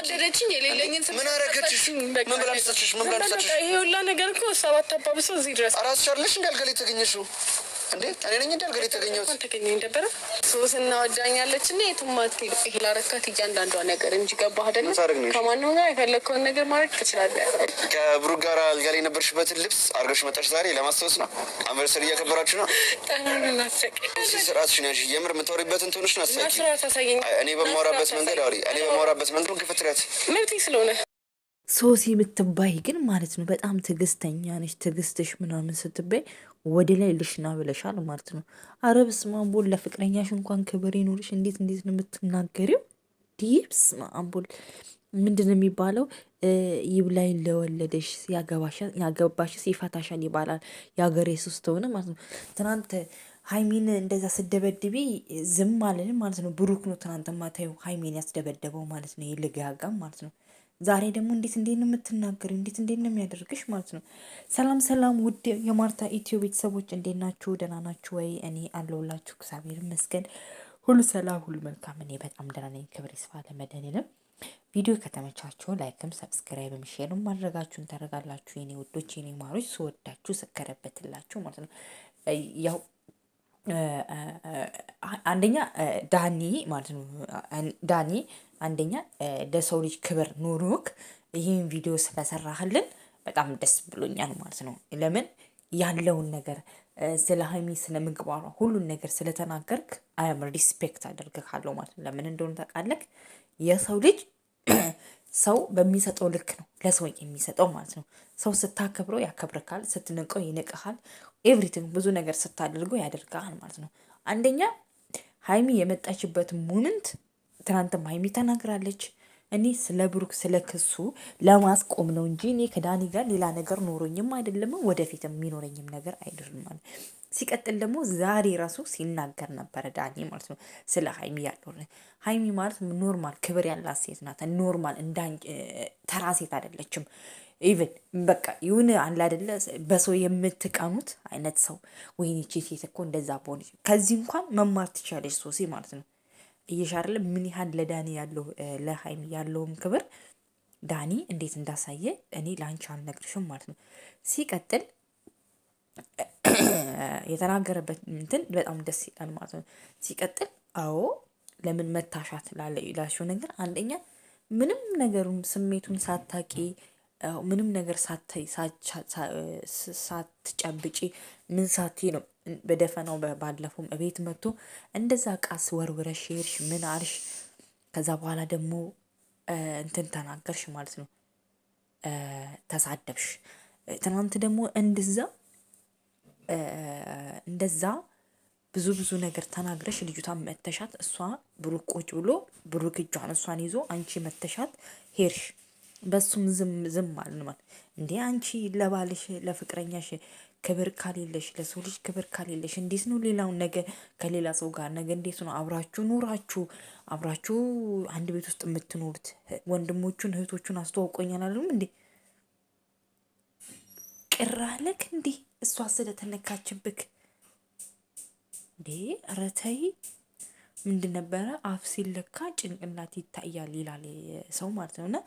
አሳደደችኝ። የሌለኝን ምን አረገችሽ? ምን ብላ ሰችሽ? ምን ብላ ሰችሽ? ይሄ ሁላ ነገር እኮ ሰባት አባብሰው እዚህ ድረስ አራስ አራስሻለሽ እንዳልገላ የተገኘሽው እንዴ እኔ ነኝ እንደ አልገር የተገኘሁት ተገኘኝ ነበረ ሶስና ወዳኛለች እና የትማት ይሄ ላረካት እያንዳንዷ ነገር እንጂ ገባህ አይደለም። ከማንም ጋር የፈለግከውን ነገር ማድረግ ትችላለህ። ከብሩ ጋር አልጋ ላይ የነበርሽበትን ልብስ አድርገሽ መጣሽ። ዛሬ ለማስታወስ ነው። አንቨርሰሪ እያከበራችሁ ነው። ስርዓትሽን ያዥ። የምር የምታወሪበትን ትሆንሽን አሳቂ። እኔ በማወራበት መንገድ አውሪ። እኔ በማወራበት መንገድ ክፍትሪያት መብት ስለሆነ ሶሲ የምትባይ ግን ማለት ነው በጣም ትዕግስተኛ ነች። ትዕግስትሽ ምናምን ስትባይ ወደ ላይ ልሽና ብለሻል ማለት ነው። አረ በስመ አብ ወልድ፣ ለፍቅረኛሽ እንኳን ክብር ይኖርሽ። እንዴት እንዴት ነው የምትናገሪው? ዲህ በስመ ምንድን ነው የሚባለው? ይብላኝ ለወለደሽ ያገባሽስ ይፈታሻል ይባላል። የሀገሬ ሱስ ተሆነ ማለት ነው። ትናንት ሀይሚን እንደዛ ስደበድቢ ዝም አለን ማለት ነው። ብሩክ ነው ትናንት ማታዩ ሀይሚን ያስደበደበው ማለት ነው። ይልግ ያጋም ማለት ነው። ዛሬ ደግሞ እንዴት እንዴት ነው የምትናገር? እንዴት እንዴት ነው የሚያደርግሽ ማለት ነው። ሰላም ሰላም፣ ውድ የማርታ ኢትዮ ቤተሰቦች እንዴት ናችሁ? ደህና ናችሁ ወይ? እኔ አለሁላችሁ እግዚአብሔር ይመስገን፣ ሁሉ ሰላም፣ ሁሉ መልካም። እኔ በጣም ደህና ነኝ። ክብር ይስፋ ለመድኃኔዓለም። ቪዲዮ ከተመቻችሁ ላይክም ሰብስክራይብም ሼርም ማድረጋችሁን ታደርጋላችሁ። የኔ ውዶች፣ የኔ ማሮች፣ ስወዳችሁ ስከረበትላችሁ ማለት ነው ያው አንደኛ ዳኒ ማለት ነው ዳኒ አንደኛ ለሰው ልጅ ክብር ኑሮክ ይህን ቪዲዮ ስለሰራህልን በጣም ደስ ብሎኛል ማለት ነው። ለምን ያለውን ነገር ስለ ሀይሚ ስለ ምግባሯ ሁሉን ነገር ስለተናገርክ አያም ሪስፔክት አደርግካለሁ ማለት ነው። ለምን እንደሆነ ታውቃለህ? የሰው ልጅ ሰው በሚሰጠው ልክ ነው ለሰው የሚሰጠው ማለት ነው። ሰው ስታከብረው ያከብርካል፣ ስትንቀው ይንቅሃል፣ ኤቭሪቲንግ ብዙ ነገር ስታደርገው ያደርግሃል ማለት ነው። አንደኛ ሀይሚ የመጣችበት ሙምንት ትናንት ሀይሚ ተናግራለች። እኔ ስለ ብሩክ ስለ ክሱ ለማስቆም ነው እንጂ እኔ ከዳኒ ጋር ሌላ ነገር ኖሮኝም አይደለም ወደፊት የሚኖረኝም ነገር አይደለም። ሲቀጥል ደግሞ ዛሬ ራሱ ሲናገር ነበረ ዳኒ ማለት ነው ስለ ሀይሚ ያለው ሀይሚ ማለት ኖርማል ክብር ያላት ሴት ናት። ኖርማል ተራ ሴት አይደለችም። ኢቨን በቃ ይሁን አለ አይደለ በሰው የምትቀኑት አይነት ሰው ወይኔ ሴት እኮ እንደዛ በሆነች ከዚህ እንኳን መማር ትችላለች ሶሴ ማለት ነው እየሻርለ ምን ያህል ለዳኒ ያለው ለሀይሚ ያለውም ክብር ዳኒ እንዴት እንዳሳየ እኔ ለአንቺ አልነግርሽም ማለት ነው። ሲቀጥል የተናገረበት እንትን በጣም ደስ ይላል ማለት ነው። ሲቀጥል አዎ ለምን መታሻት ላለ ነገር አንደኛ ምንም ነገሩን ስሜቱን ሳታቂ ምንም ነገር ሳታይ ሳትጨብጪ ምን ሳቲ ነው በደፈናው ባለፈውም እቤት መጥቶ እንደዛ ቃስ ወርውረሽ ሄድሽ ምን አልሽ? ከዛ በኋላ ደግሞ እንትን ተናገርሽ ማለት ነው። ተሳደብሽ። ትናንት ደግሞ እንደዛ እንደዛ ብዙ ብዙ ነገር ተናግረሽ ልጅቷን መተሻት እሷ ብሩክ ቁጭ ብሎ ብሩክ እጇን እሷን ይዞ አንቺ መተሻት ሄድሽ። በሱም ዝም ዝም አልን ማለት እንዴ አንቺ ለባልሽ ለፍቅረኛሽ ክብር ካሌለሽ ለሰው ልጅ ክብር ካሌለሽ እንዴት ነው ሌላውን ነገ ከሌላ ሰው ጋር ነገ እንዴት ነው አብራችሁ ኑራችሁ አብራችሁ አንድ ቤት ውስጥ የምትኖሩት? ወንድሞቹን እህቶቹን አስተዋውቆኛል አለም እንዴ ቅር አለክ እንዴ? እሷ ስለተነካችብክ እንዴ? ኧረ ተይ ምንድን ነበረ አፍ ሲለካ ጭንቅላት ይታያል ይላል ሰው ማለት ነው። እና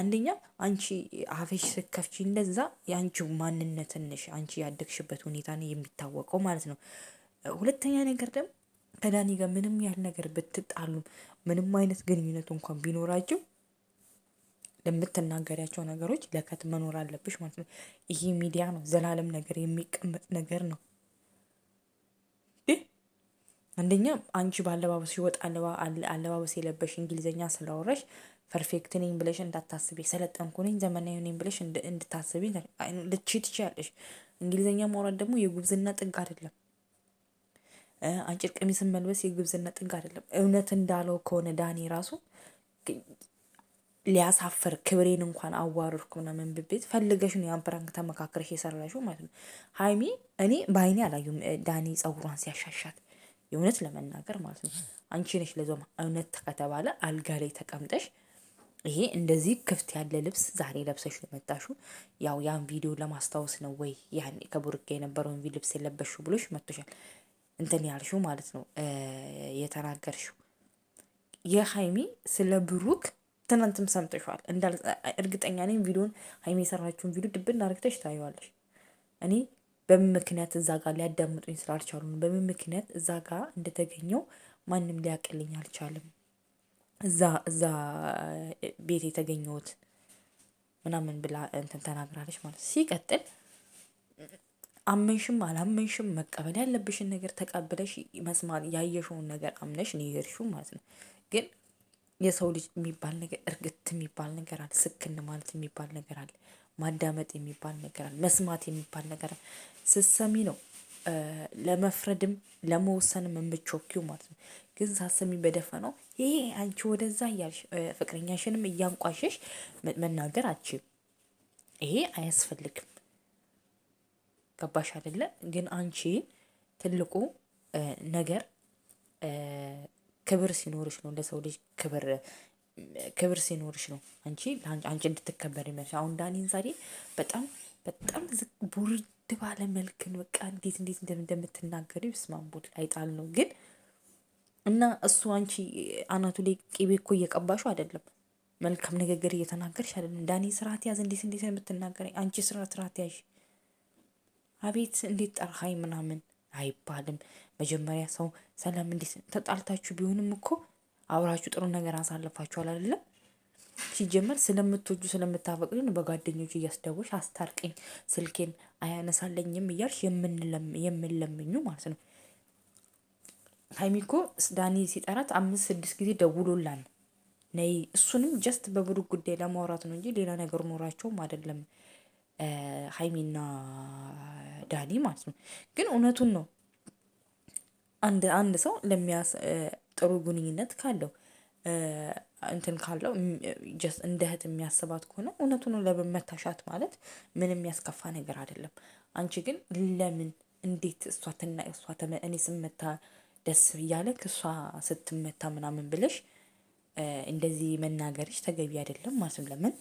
አንደኛ አንቺ አፍሽ ስከፍች እንደዛ ያንቺው ማንነትንሽ አንቺ ያደግሽበት ሁኔታ ነው የሚታወቀው ማለት ነው። ሁለተኛ ነገር ደግሞ ከዳኒ ጋር ምንም ያህል ነገር ብትጣሉም ምንም አይነት ግንኙነት እንኳን ቢኖራችሁ ለምትናገሪያቸው ነገሮች ለከት መኖር አለብሽ ማለት ነው። ይሄ ሚዲያ ነው ዘላለም ነገር የሚቀመጥ ነገር ነው። አንደኛ አንቺ በአለባበስ ይወጥ አለባበስ የለበሽ እንግሊዝኛ ስላወራሽ ፐርፌክት ነኝ ብለሽ እንዳታስቢ፣ ሰለጠንኩ ነኝ ዘመናዊ ነኝ ብለሽ እንድታስቢ ልቺ ትችያለሽ። እንግሊዝኛ ማውራት ደግሞ የጉብዝና ጥግ አይደለም። አጭር ቀሚስን መልበስ የጉብዝና ጥግ አይደለም። እውነት እንዳለው ከሆነ ዳኒ ራሱ ሊያሳፍር ክብሬን እንኳን አዋርድኩ ምናምን ብቤት ፈልገሽ ነው ያን ፕራንክ ተመካክረሽ የሰራሽው ማለት ነው። ሀይሚ እኔ በአይኔ አላየሁም ዳኒ ጸጉሯን ሲያሻሻት የእውነት ለመናገር ማለት ነው አንቺ ነሽ ለዛውም እውነት ከተባለ አልጋ ላይ ተቀምጠሽ ይሄ እንደዚህ ክፍት ያለ ልብስ ዛሬ ለብሰሽ ነው የመጣሽው። ያው ያን ቪዲዮ ለማስታወስ ነው ወይ ያኔ ከቡርጋ የነበረውን ልብስ የለበሹ ብሎሽ መጥቶሻል። እንትን ያልሽው ማለት ነው የተናገርሽው። የሀይሚ ስለ ብሩክ ትናንትም ሰምተሸዋል። እርግጠኛ ነኝ ቪዲዮን ሀይሚ የሰራችውን ቪዲዮ ድብን አርግተሽ ታየዋለሽ። እኔ በምን ምክንያት እዛ ጋር ሊያዳምጡኝ ስላልቻሉ ነው። በምን ምክንያት እዛ ጋር እንደተገኘው ማንም ሊያቅልኝ አልቻለም። እዛ እዛ ቤት የተገኘሁት ምናምን ብላ እንትን ተናግራለች ማለት ሲቀጥል አመንሽም አላመንሽም መቀበል ያለብሽን ነገር ተቀብለሽ መስማት ያየሽውን ነገር አምነሽ ነው ማለት ነው። ግን የሰው ልጅ የሚባል ነገር እርግት የሚባል ነገር አለ። ስክን ማለት የሚባል ነገር አለ። ማዳመጥ የሚባል ነገር አለ። መስማት የሚባል ነገር አለ። ስትሰሚ ነው ለመፍረድም ለመወሰንም የምትቾኪው ማለት ነው። ግን ሳትሰሚ ነው ይሄ አንቺ ወደዛ እያልሽ ፍቅረኛሽንም እያንቋሸሽ መናገር አትችይም። ይሄ አያስፈልግም። ገባሽ አይደለ? ግን አንቺ ትልቁ ነገር ክብር ሲኖርሽ ነው ለሰው ልጅ ክብር ክብር ሲኖርሽ ነው አንቺ አንቺ እንድትከበር የሚያደርግሽ። አሁን ዳኒን ዛሬ በጣም በጣም ቡርድ ባለ መልክን በቃ እንዴት እንዴት እንደምትናገሪ ስማንቦት አይጣል ነው ግን እና እሱ አንቺ አናቱ ላይ ቅቤ እኮ እየቀባሹ አይደለም፣ መልካም ንግግር እየተናገርሽ አይደለም። ዳኒ ስርዓት ያዝ፣ እንዴት እንዴት የምትናገረኝ አንቺ ስራ ስርዓት ያዥ። አቤት እንዴት ጠርሃይ ምናምን አይባልም። መጀመሪያ ሰው ሰላም እንዴት ተጣልታችሁ ቢሆንም እኮ አብራችሁ ጥሩ ነገር አሳልፋችኋል አይደለም? ሲጀመር ስለምትወጁ ስለምታፈቅዱን በጓደኞች እያስደወሽ አስታርቅኝ፣ ስልኬን አያነሳለኝም እያልሽ የምንለምኙ ማለት ነው። ሀይሚ ዳኒ ሲጠራት አምስት ስድስት ጊዜ ደውሎላን ነይ፣ እሱንም ጀስት በብሩክ ጉዳይ ለማውራት ነው እንጂ ሌላ ነገር ኖራቸውም አይደለም ሀይሚና ዳኒ ማለት ነው። ግን እውነቱን ነው አንድ አንድ ሰው ለሚያስ ጥሩ ግንኙነት ካለው እንትን ካለው ጀስ እንደ እህት የሚያስባት ከሆነ እውነቱን ለመታሻት ማለት ምንም የሚያስከፋ ነገር አይደለም። አንቺ ግን ለምን እንዴት እሷ ትና እሷ እኔ ስመታ ደስ እያለ እሷ ስትመታ ምናምን ብለሽ እንደዚህ መናገርሽ ተገቢ አይደለም ማለት ነው። ለምን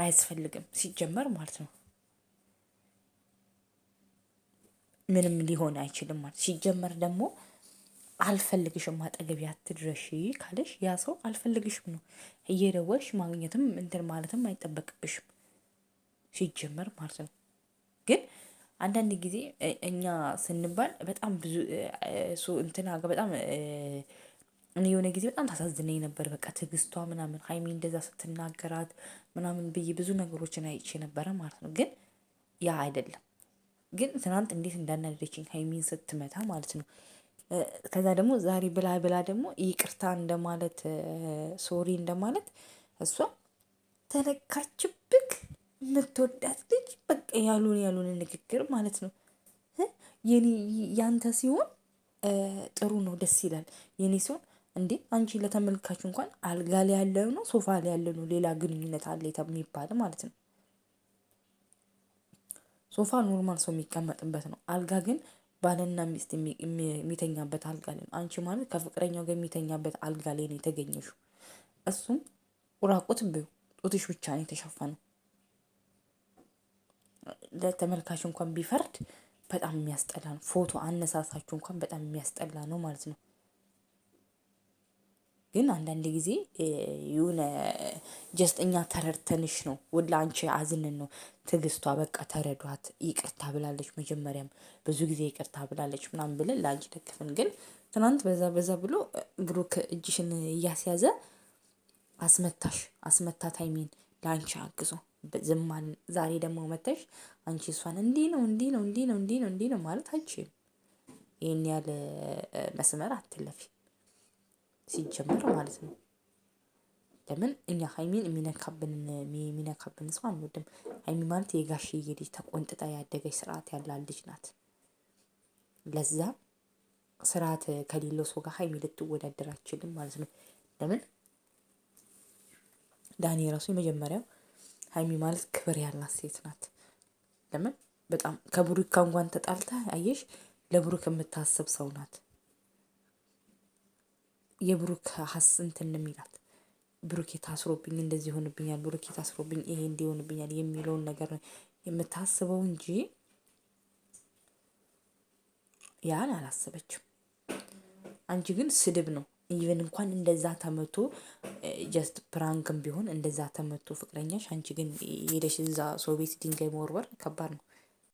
አያስፈልግም ሲጀመር ማለት ነው። ምንም ሊሆን አይችልም ማለት ሲጀመር ደግሞ አልፈልግሽም ማጠገቢያ አትድረሺ ካለሽ ያ ሰው አልፈልግሽም ነው። እየደወልሽ ማግኘትም እንትን ማለትም አይጠበቅብሽም ሲጀመር ማለት ነው። ግን አንዳንድ ጊዜ እኛ ስንባል በጣም ብዙ እሱ ጋር በጣም እኔ የሆነ ጊዜ በጣም ታሳዝነኝ ነበር። በቃ ትዕግስቷ ምናምን ሀይሚ እንደዛ ስትናገራት ምናምን ብዬ ብዙ ነገሮችን አይቼ ነበረ ማለት ነው። ግን ያ አይደለም። ግን ትናንት እንዴት እንዳናደደችኝ ሀይሚን ስትመታ ማለት ነው። ከዛ ደግሞ ዛሬ ብላ ብላ ደግሞ ይቅርታ እንደማለት ሶሪ እንደማለት እሷ ተለካችብክ የምትወዳት ልጅ በቃ ያሉን ያሉን ንግግር ማለት ነው። የኔ ያንተ ሲሆን ጥሩ ነው ደስ ይላል። የኔ ሲሆን እንዴ አንቺ ለተመልካች እንኳን አልጋ ላይ ያለው ነው ሶፋ ላይ ያለ ነው ሌላ ግንኙነት አለ የሚባል ማለት ነው። ሶፋ ኖርማል ሰው የሚቀመጥበት ነው። አልጋ ግን ባልና ሚስት የሚተኛበት አልጋ ላይ ነው። አንቺ ማለት ከፍቅረኛው ጋር የሚተኛበት አልጋ ላይ ነው የተገኘሹ። እሱም ቁራቁት በይው፣ ጡትሽ ብቻ ነው የተሸፈነው። ለተመልካች እንኳን ቢፈርድ በጣም የሚያስጠላ ነው። ፎቶ አነሳሳችሁ እንኳን በጣም የሚያስጠላ ነው ማለት ነው። ግን አንዳንድ ጊዜ የሆነ ጀስት እኛ ተረድተንሽ ነው ወደ አንቺ አዝንን ነው ትግስቷ በቃ ተረዷት ይቅርታ ብላለች መጀመሪያም ብዙ ጊዜ ይቅርታ ብላለች ምናምን ብለን ለአንቺ ደግፍን። ግን ትናንት በዛ በዛ ብሎ ብሩክ እጅሽን እያስያዘ አስመታሽ አስመታ ታይሚን ለአንቺ አግዞ ዝማን። ዛሬ ደግሞ መተሽ አንቺ እሷን እንዲህ ነው እንዲህ ነው እንዲህ ነው እንዲህ ነው እንዲህ ነው ማለት አይችልም። ይህን ያለ መስመር አትለፊ። ሲጀመር ማለት ነው። ለምን እኛ ሀይሚን የሚነካብን የሚነካብን ሰው አንወድም። ሀይሚ ማለት የጋሽዬ ልጅ ተቆንጥጣ ያደገች ስርዓት ያላት ልጅ ናት። ለዛ ስርዓት ከሌለው ሰው ጋር ሀይሚ ልትወዳደር አችልም ማለት ነው። ለምን ዳኒ ራሱ የመጀመሪያው ሀይሚ ማለት ክብር ያላት ሴት ናት። ለምን በጣም ከብሩክ እንኳን ተጣልታ አየሽ፣ ለብሩክ የምታስብ ሰው ናት። የብሩክ ሀስ እንትን የሚላት ብሩኬ ታስሮብኝ እንደዚህ ይሆንብኛል፣ ብሩኬ ታስሮብኝ ይሄ እንዲሆንብኛል የሚለውን ነገር የምታስበው እንጂ ያን አላሰበችም። አንቺ ግን ስድብ ነው። ኢቨን እንኳን እንደዛ ተመቶ ጀስት ፕራንክም ቢሆን እንደዛ ተመቶ ፍቅረኛሽ፣ አንቺ ግን ሄደሽ እዛ ሰው ቤት ድንጋይ መወርወር ከባድ ነው።